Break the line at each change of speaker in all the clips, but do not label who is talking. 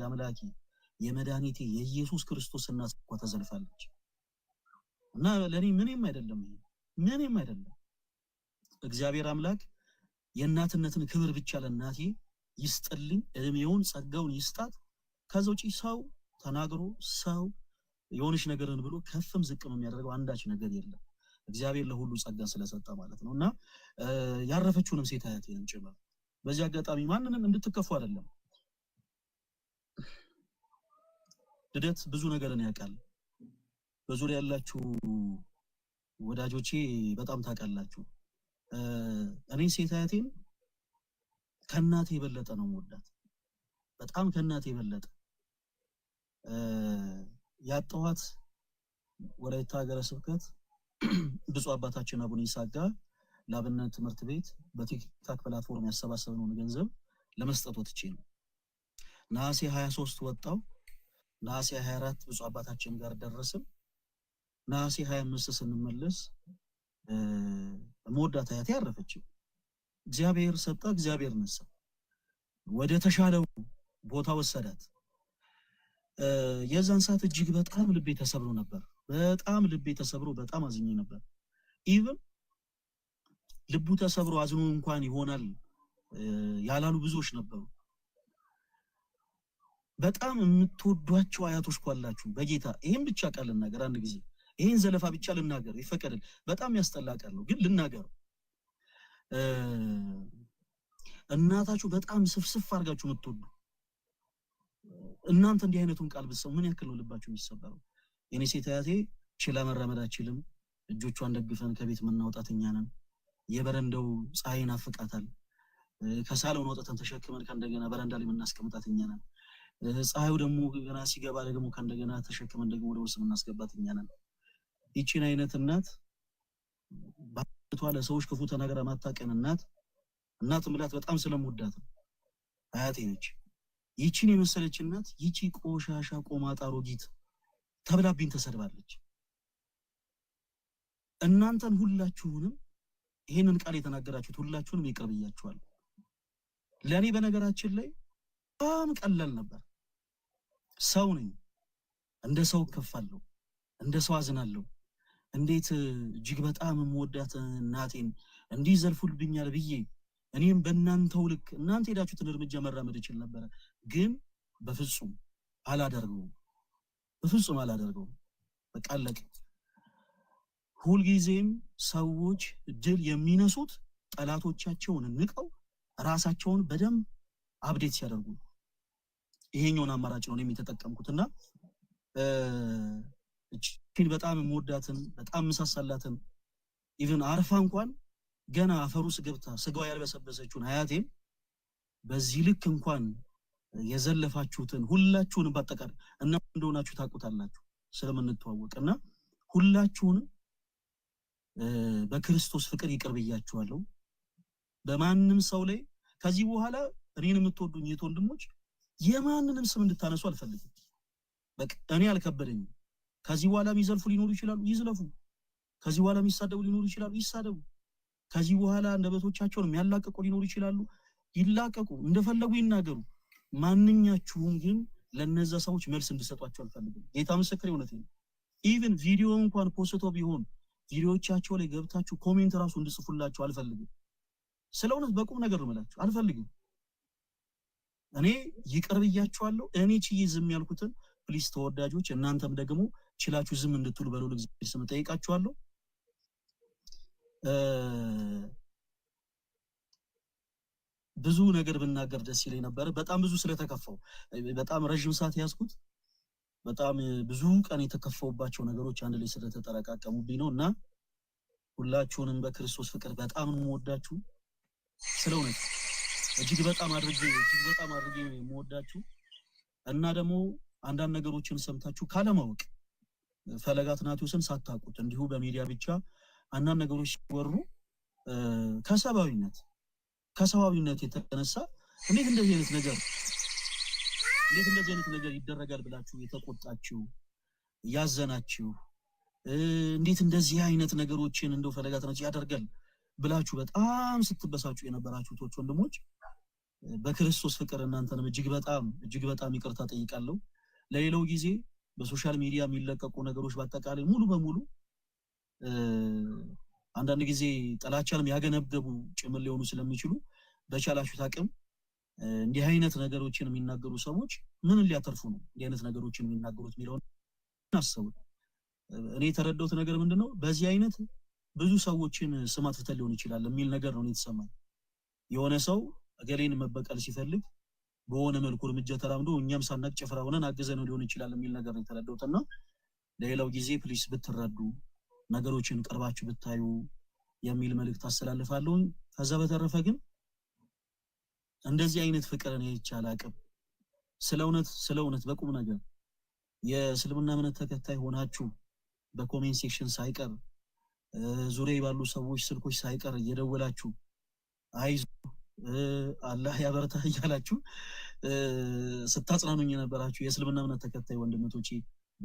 የአምላኬ የመድኃኒቴ የኢየሱስ ክርስቶስ እናት እኮ ተዘልፋለች እና ለእኔ ምንም አይደለም፣ ምንም አይደለም። እግዚአብሔር አምላክ የእናትነትን ክብር ብቻ ለእናቴ ይስጥልኝ፣ እድሜውን ጸጋውን ይስጣት። ከዛ ውጪ ሰው ተናግሮ ሰው የሆነች ነገርን ብሎ ከፍም ዝቅም የሚያደርገው አንዳች ነገር የለም። እግዚአብሔር ለሁሉ ጸጋ ስለሰጠ ማለት ነው እና ያረፈችውንም ሴት አያቴንም ጭምር በዚህ አጋጣሚ ማንንም እንድትከፉ አይደለም ልደት ብዙ ነገርን ያውቃል። በዙሪያ ያላችሁ ወዳጆቼ በጣም ታውቃላችሁ። እኔ ሴት አያቴን ከእናቴ የበለጠ ነው የምወዳት፣ በጣም ከእናቴ የበለጠ ያጠዋት ወላይታ ሀገረ ስብከት ብዙ አባታችን አቡነ ይሳጋ ለአብነት ትምህርት ቤት በቲክታክ ፕላትፎርም ያሰባሰብነውን ገንዘብ ለመስጠት ወጥቼ ነው። ነሐሴ 23 ወጣው ነሐሴ 24 ብፁዕ አባታችን ጋር ደረስም። ነሐሴ 25 ስንመለስ መወዳት አያቴ ያረፈችው። እግዚአብሔር ሰጣ፣ እግዚአብሔር ነሳ። ወደ ተሻለው ቦታ ወሰዳት። የዛን ሰዓት እጅግ በጣም ልቤ ተሰብሮ ነበር። በጣም ልቤ ተሰብሮ በጣም አዝኝ ነበር። ኢቭን ልቡ ተሰብሮ አዝኖ እንኳን ይሆናል ያላሉ ብዙዎች ነበሩ። በጣም የምትወዷቸው አያቶች ኳላችሁ በጌታ ይህም ብቻ ቃል ልናገር። አንድ ጊዜ ይህን ዘለፋ ብቻ ልናገር ይፈቀድል። በጣም ያስጠላ ቃል ነው፣ ግን ልናገር። እናታችሁ በጣም ስፍስፍ አድርጋችሁ የምትወዱ እናንተ እንዲህ አይነቱን ቃል ብትሰሙ ምን ያክል ነው ልባችሁ የሚሰበረው? የኔ ሴት አያቴ ችላ መራመድ አችልም፣ እጆቿን ደግፈን ከቤት የምናውጣት እኛ ነን። የበረንዳው ፀሐይ ናፍቃታል፣ ከሳለውን አውጥተን ተሸክመን ከእንደገና በረንዳ ላይ የምናስቀምጣት እኛ ነን። ፀሐዩ ደግሞ ገና ሲገባ ደግሞ ከእንደገና ተሸክመን ደግሞ ወደ ውስጥ የምናስገባት እኛ ነን። ይቺን አይነት እናት ባቷ ለሰዎች ክፉ ተናገራ ማታቀን እናት እናት ምላት በጣም ስለምወዳት ነው። አያቴ ነች። ይቺን የመሰለች እናት ይቺ ቆሻሻ ቆማጣ ሮጊት ተብላብኝ ተሰድባለች። እናንተን ሁላችሁንም ይህንን ቃል የተናገራችሁት ሁላችሁንም ይቅር ብያችኋል። ለእኔ በነገራችን ላይ በጣም ቀላል ነበር። ሰው ነኝ። እንደ ሰው እከፋለሁ፣ እንደ ሰው አዝናለሁ። እንዴት እጅግ በጣም የምወዳት እናቴን እንዲህ ዘልፉልብኛል ብዬ እኔም በእናንተው ልክ እናንተ ሄዳችሁትን እርምጃ መራመድ እችል ነበረ፣ ግን በፍጹም አላደርገውም፣ በፍጹም አላደርገውም። በቃ አለቀ። ሁልጊዜም ሰዎች ድል የሚነሱት ጠላቶቻቸውን ንቀው ራሳቸውን በደንብ አብዴት ሲያደርጉ ነው። ይሄኛውን አማራጭ ነው የተጠቀምኩት እና እችን በጣም የምወዳትን በጣም የምሳሳላትን ኢቨን አርፋ እንኳን ገና አፈር ውስጥ ገብታ ስጋዋ ያልበሰበሰችውን ሀያቴን በዚህ ልክ እንኳን የዘለፋችሁትን ሁላችሁንም በአጠቃላይ እና እንደሆናችሁ ታውቁታላችሁ ስለምንተዋወቅ እና ሁላችሁንም በክርስቶስ ፍቅር ይቅር ብያችኋለሁ። በማንም ሰው ላይ ከዚህ በኋላ እኔን የምትወዱኝ የት ወንድሞች የማንንም ስም እንድታነሱ አልፈልግም። በቃ እኔ አልከበደኝም። ከዚህ በኋላ የሚዘልፉ ሊኖሩ ይችላሉ፣ ይዝለፉ። ከዚህ በኋላ የሚሳደቡ ሊኖሩ ይችላሉ፣ ይሳደቡ። ከዚህ በኋላ አንደበቶቻቸውን የሚያላቀቁ ሊኖሩ ይችላሉ፣ ይላቀቁ፣ እንደፈለጉ ይናገሩ። ማንኛችሁም ግን ለነዛ ሰዎች መልስ እንድሰጧቸው አልፈልግም። ጌታ ምስክር እውነት ነው። ኢቭን ቪዲዮ እንኳን ፖስቶ ቢሆን ቪዲዮዎቻቸው ላይ ገብታችሁ ኮሜንት እራሱ እንድጽፉላቸው አልፈልግም። ስለ እውነት በቁም ነገር ምላችሁ አልፈልግም እኔ ይቅር ብያችኋለሁ። እኔ ችዬ ዝም ያልኩትን ፕሊስ ተወዳጆች፣ እናንተም ደግሞ ችላችሁ ዝም እንድትሉ በሉ እግዚአብሔር ስም ጠይቃችኋለሁ። ብዙ ነገር ብናገር ደስ ይለኝ ነበረ። በጣም ብዙ ስለተከፋው በጣም ረዥም ሰዓት ያዝኩት። በጣም ብዙ ቀን የተከፋውባቸው ነገሮች አንድ ላይ ስለተጠረቃቀሙብኝ ነው እና ሁላችሁንም በክርስቶስ ፍቅር በጣም እንወዳችሁ ስለ እውነት እጅግ በጣም አድርጌ እጅግ በጣም አድርጌ የምወዳችሁ እና ደግሞ አንዳንድ ነገሮችን ሰምታችሁ ካለማወቅ ፈለገ አትናቴዎስን ሳታውቁት እንዲሁ በሚዲያ ብቻ አንዳንድ ነገሮች ሲወሩ ከሰብአዊነት ከሰብአዊነት የተነሳ እንዴት እንደዚህ አይነት ነገር እንዴት እንደዚህ አይነት ነገር ይደረጋል ብላችሁ የተቆጣችሁ ያዘናችሁ እንዴት እንደዚህ አይነት ነገሮችን እንደው ፈለገ አትናቴዎስ ያደርጋል ብላችሁ በጣም ስትበሳችሁ የነበራችሁ ቶች ወንድሞች በክርስቶስ ፍቅር እናንተንም እጅግ በጣም እጅግ በጣም ይቅርታ ጠይቃለሁ። ለሌላው ጊዜ በሶሻል ሚዲያ የሚለቀቁ ነገሮች በአጠቃላይ ሙሉ በሙሉ አንዳንድ ጊዜ ጥላቻንም ያገነበቡ ጭምር ሊሆኑ ስለሚችሉ በቻላችሁት አቅም እንዲህ አይነት ነገሮችን የሚናገሩ ሰዎች ምን ሊያተርፉ ነው እንዲህ አይነት ነገሮችን የሚናገሩት የሚለውን አስቡ። እኔ የተረዳሁት ነገር ምንድን ነው በዚህ አይነት ብዙ ሰዎችን ስም አጥፍተን ሊሆን ይችላል የሚል ነገር ነው የተሰማኝ። የሆነ ሰው እገሌን መበቀል ሲፈልግ በሆነ መልኩ እርምጃ ተራምዶ እኛም ሳናቅ ጭፍራ ሆነን አገዘ ነው ሊሆን ይችላል የሚል ነገር ነው የተረዳሁት። እና ለሌላው ጊዜ ፕሊስ ብትረዱ ነገሮችን ቀርባችሁ ብታዩ የሚል መልእክት አስተላልፋለሁኝ። ከዛ በተረፈ ግን እንደዚህ አይነት ፍቅር ይቻል አቅም ስለ እውነት ስለ እውነት በቁም ነገር የእስልምና እምነት ተከታይ ሆናችሁ በኮሜንት ሴክሽን ሳይቀር ዙሪያ ባሉ ሰዎች ስልኮች ሳይቀር እየደወላችሁ አይዞ አላህ ያበርታ እያላችሁ ስታጽናኑኝ የነበራችሁ የእስልምና እምነት ተከታይ ወንድምቶቼ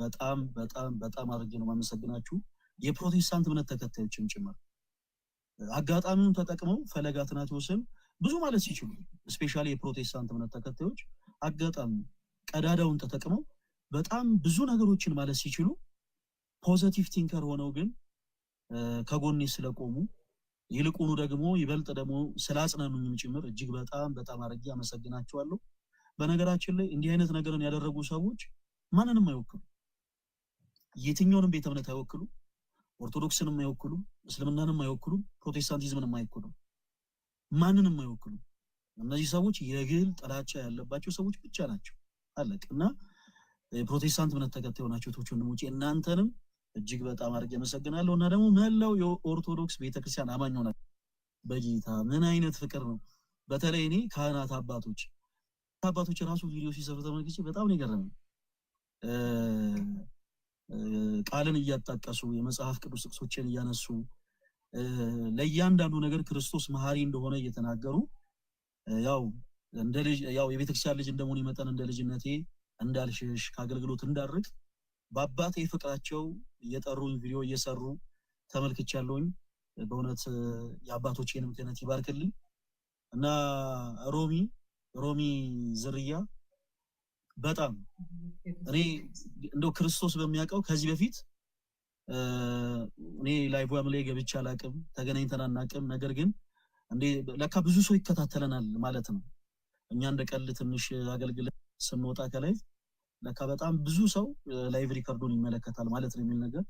በጣም በጣም በጣም አድርጌ ነው የማመሰግናችሁ። የፕሮቴስታንት እምነት ተከታዮችም ጭምር አጋጣሚውን ተጠቅመው ፈለገ አትናቴዎስን ብዙ ማለት ሲችሉ ስፔሻሊ የፕሮቴስታንት እምነት ተከታዮች አጋጣሚ ቀዳዳውን ተጠቅመው በጣም ብዙ ነገሮችን ማለት ሲችሉ ፖዘቲቭ ቲንከር ሆነው ግን ከጎኔ ስለቆሙ ይልቁኑ ደግሞ ይበልጥ ደግሞ ስላጽናኑኝም ጭምር እጅግ በጣም በጣም አድርጌ አመሰግናቸዋለሁ። በነገራችን ላይ እንዲህ አይነት ነገርን ያደረጉ ሰዎች ማንንም አይወክሉ፣ የትኛውንም ቤተ እምነት አይወክሉ፣ ኦርቶዶክስንም አይወክሉ፣ እስልምናንም አይወክሉ፣ ፕሮቴስታንቲዝምንም አይወክሉ፣ ማንንም አይወክሉ። እነዚህ ሰዎች የግል ጥላቻ ያለባቸው ሰዎች ብቻ ናቸው። አለቅ እና የፕሮቴስታንት እምነት ተከታይ የሆናችሁ ወንድሞቼ እናንተንም እጅግ በጣም አድርጌ አመሰግናለሁ። እና ደግሞ መላው የኦርቶዶክስ ቤተክርስቲያን አማኝ ሆነ በጌታ ምን አይነት ፍቅር ነው! በተለይ እኔ ካህናት አባቶች አባቶች ራሱ ቪዲዮ ሲሰሩ ተመልክቼ በጣም ነው የገረመኝ። ቃልን እያጣቀሱ የመጽሐፍ ቅዱስ ጥቅሶችን እያነሱ ለእያንዳንዱ ነገር ክርስቶስ መሐሪ እንደሆነ እየተናገሩ ያው እንደ ልጅ ያው የቤተክርስቲያን ልጅ እንደመሆኔ መጠን እንደ ልጅነቴ እንዳልሽሽ ከአገልግሎት እንዳርቅ በአባቴ ፍቅራቸው እየጠሩን ቪዲዮ እየሰሩ ተመልክቻለሁኝ። በእውነት የአባቶቼን ምክንያት ይባርክልኝ እና ሮሚ ሮሚ ዝርያ በጣም እኔ እንደው ክርስቶስ በሚያውቀው ከዚህ በፊት እኔ ላይቭም ላይ ገብቼ አላቅም፣ ተገናኝተን አናቅም። ነገር ግን እንዴ ለካ ብዙ ሰው ይከታተለናል ማለት ነው። እኛ እንደ ቀልድ ትንሽ አገልግለን ስንወጣ ከላይ ለካ በጣም ብዙ ሰው ላይቭ ሪከርዱን ይመለከታል ማለት ነው የሚል ነገር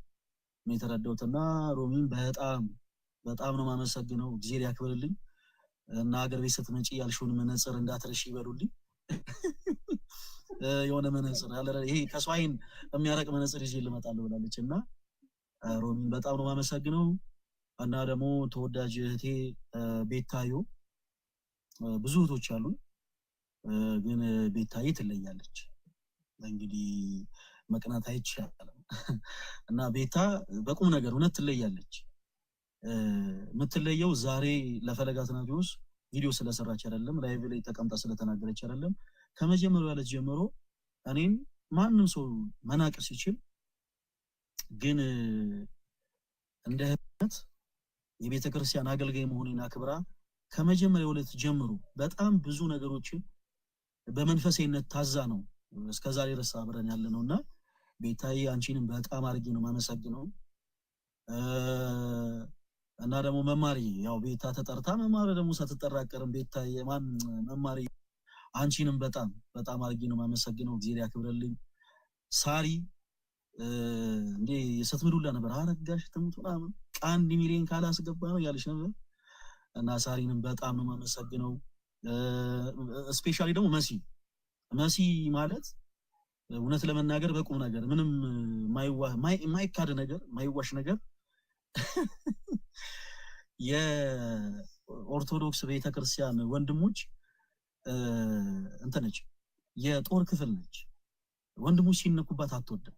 ነው የተረዳሁት። እና ሮሚን በጣም በጣም ነው የማመሰግነው። እግዜር ያክብርልኝ እና ሀገር ቤት ስትመጪ ያልሽውን መነጽር እንዳትረሽ ይበሉልኝ። የሆነ መነጽር ይሄ ከሰው ዓይን የሚያረቅ መነጽር ይዤ ልመጣለሁ ብላለች እና ሮሚን በጣም ነው የማመሰግነው። እና ደግሞ ተወዳጅ እህቴ ቤታዮ ብዙ እህቶች አሉ፣ ግን ቤታዬ ትለያለች። እንግዲህ መቅናት አይቻልም እና ቤታ በቁም ነገር እውነት ትለያለች። የምትለየው ዛሬ ለፈለጋ ትናንት ቪዲዮ ስለሰራች አይደለም፣ ላይቭ ላይ ተቀምጣ ስለተናገረች አይደለም። ከመጀመሪያ ዕለት ጀምሮ እኔም ማንም ሰው መናቅ ሲችል ግን እንደ ህነት የቤተ ክርስቲያን አገልጋይ መሆኔን አክብራ ከመጀመሪያ ዕለት ጀምሮ በጣም ብዙ ነገሮችን በመንፈሳዊነት ታዛ ነው እስከዛሬ ድረስ አብረን ያለ ነው እና ቤታዬ አንቺንም በጣም አድርጌ ነው የማመሰግነው። እና ደግሞ መማሪ ያው ቤታ ተጠርታ መማሪ ደግሞ ሳትጠራቀርም ቤታ የማን መማሪ አንቺንም በጣም በጣም አድርጌ ነው የማመሰግነው። እግዚአብሔር ያክብረልኝ። ሳሪ እንዴ የሰትምዱላ ነበር አረጋሽ ትሙት ምናምን አንድ ሚሊዮን ካላስገባ ነው ያለሽ ነበር እና ሳሪንም በጣም ነው የማመሰግነው። ስፔሻሊ ደግሞ መሲ መሲ ማለት እውነት ለመናገር በቁም ነገር ምንም የማይካድ ነገር የማይዋሽ ነገር የኦርቶዶክስ ቤተክርስቲያን ወንድሞች እንትነች የጦር ክፍል ነች። ወንድሞች ሲነኩባት አትወድም።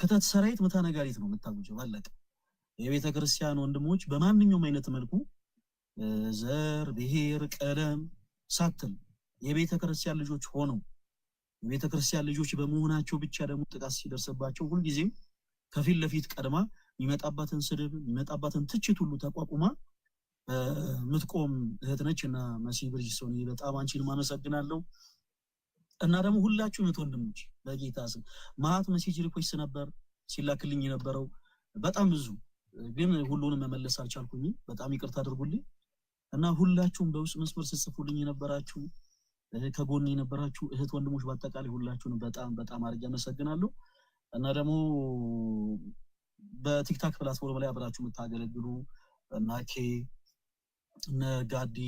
ክተት ሰራዊት ምታ ነጋሪት ነው የምታውጀው። አለቀ። የቤተክርስቲያን ወንድሞች በማንኛውም አይነት መልኩ ዘር፣ ብሔር፣ ቀለም ሳትል የቤተ ክርስቲያን ልጆች ሆነው የቤተ ክርስቲያን ልጆች በመሆናቸው ብቻ ደግሞ ጥቃት ሲደርስባቸው ሁልጊዜም ከፊት ለፊት ቀድማ የሚመጣባትን ስድብ የሚመጣባትን ትችት ሁሉ ተቋቁማ የምትቆም እህት ነች እና መሲ ብርጅስቶን በጣም አንቺን ማመሰግናለሁ። እና ደግሞ ሁላችሁ እህት ወንድሞች በጌታ ስም ማት መሴጅ ሪኩዌስት ነበር ሲላክልኝ የነበረው በጣም ብዙ ግን ሁሉንም መመለስ አልቻልኩኝም። በጣም ይቅርታ አድርጉልኝ እና ሁላችሁም በውስጥ መስመር ስትጽፉልኝ የነበራችሁ ከጎን የነበራችሁ እህት ወንድሞች በአጠቃላይ ሁላችሁን በጣም በጣም አድርጌ አመሰግናለሁ እና ደግሞ በቲክታክ ፕላትፎርም ላይ አብራችሁ የምታገለግሉ እነ ኬ እነ ጋዲ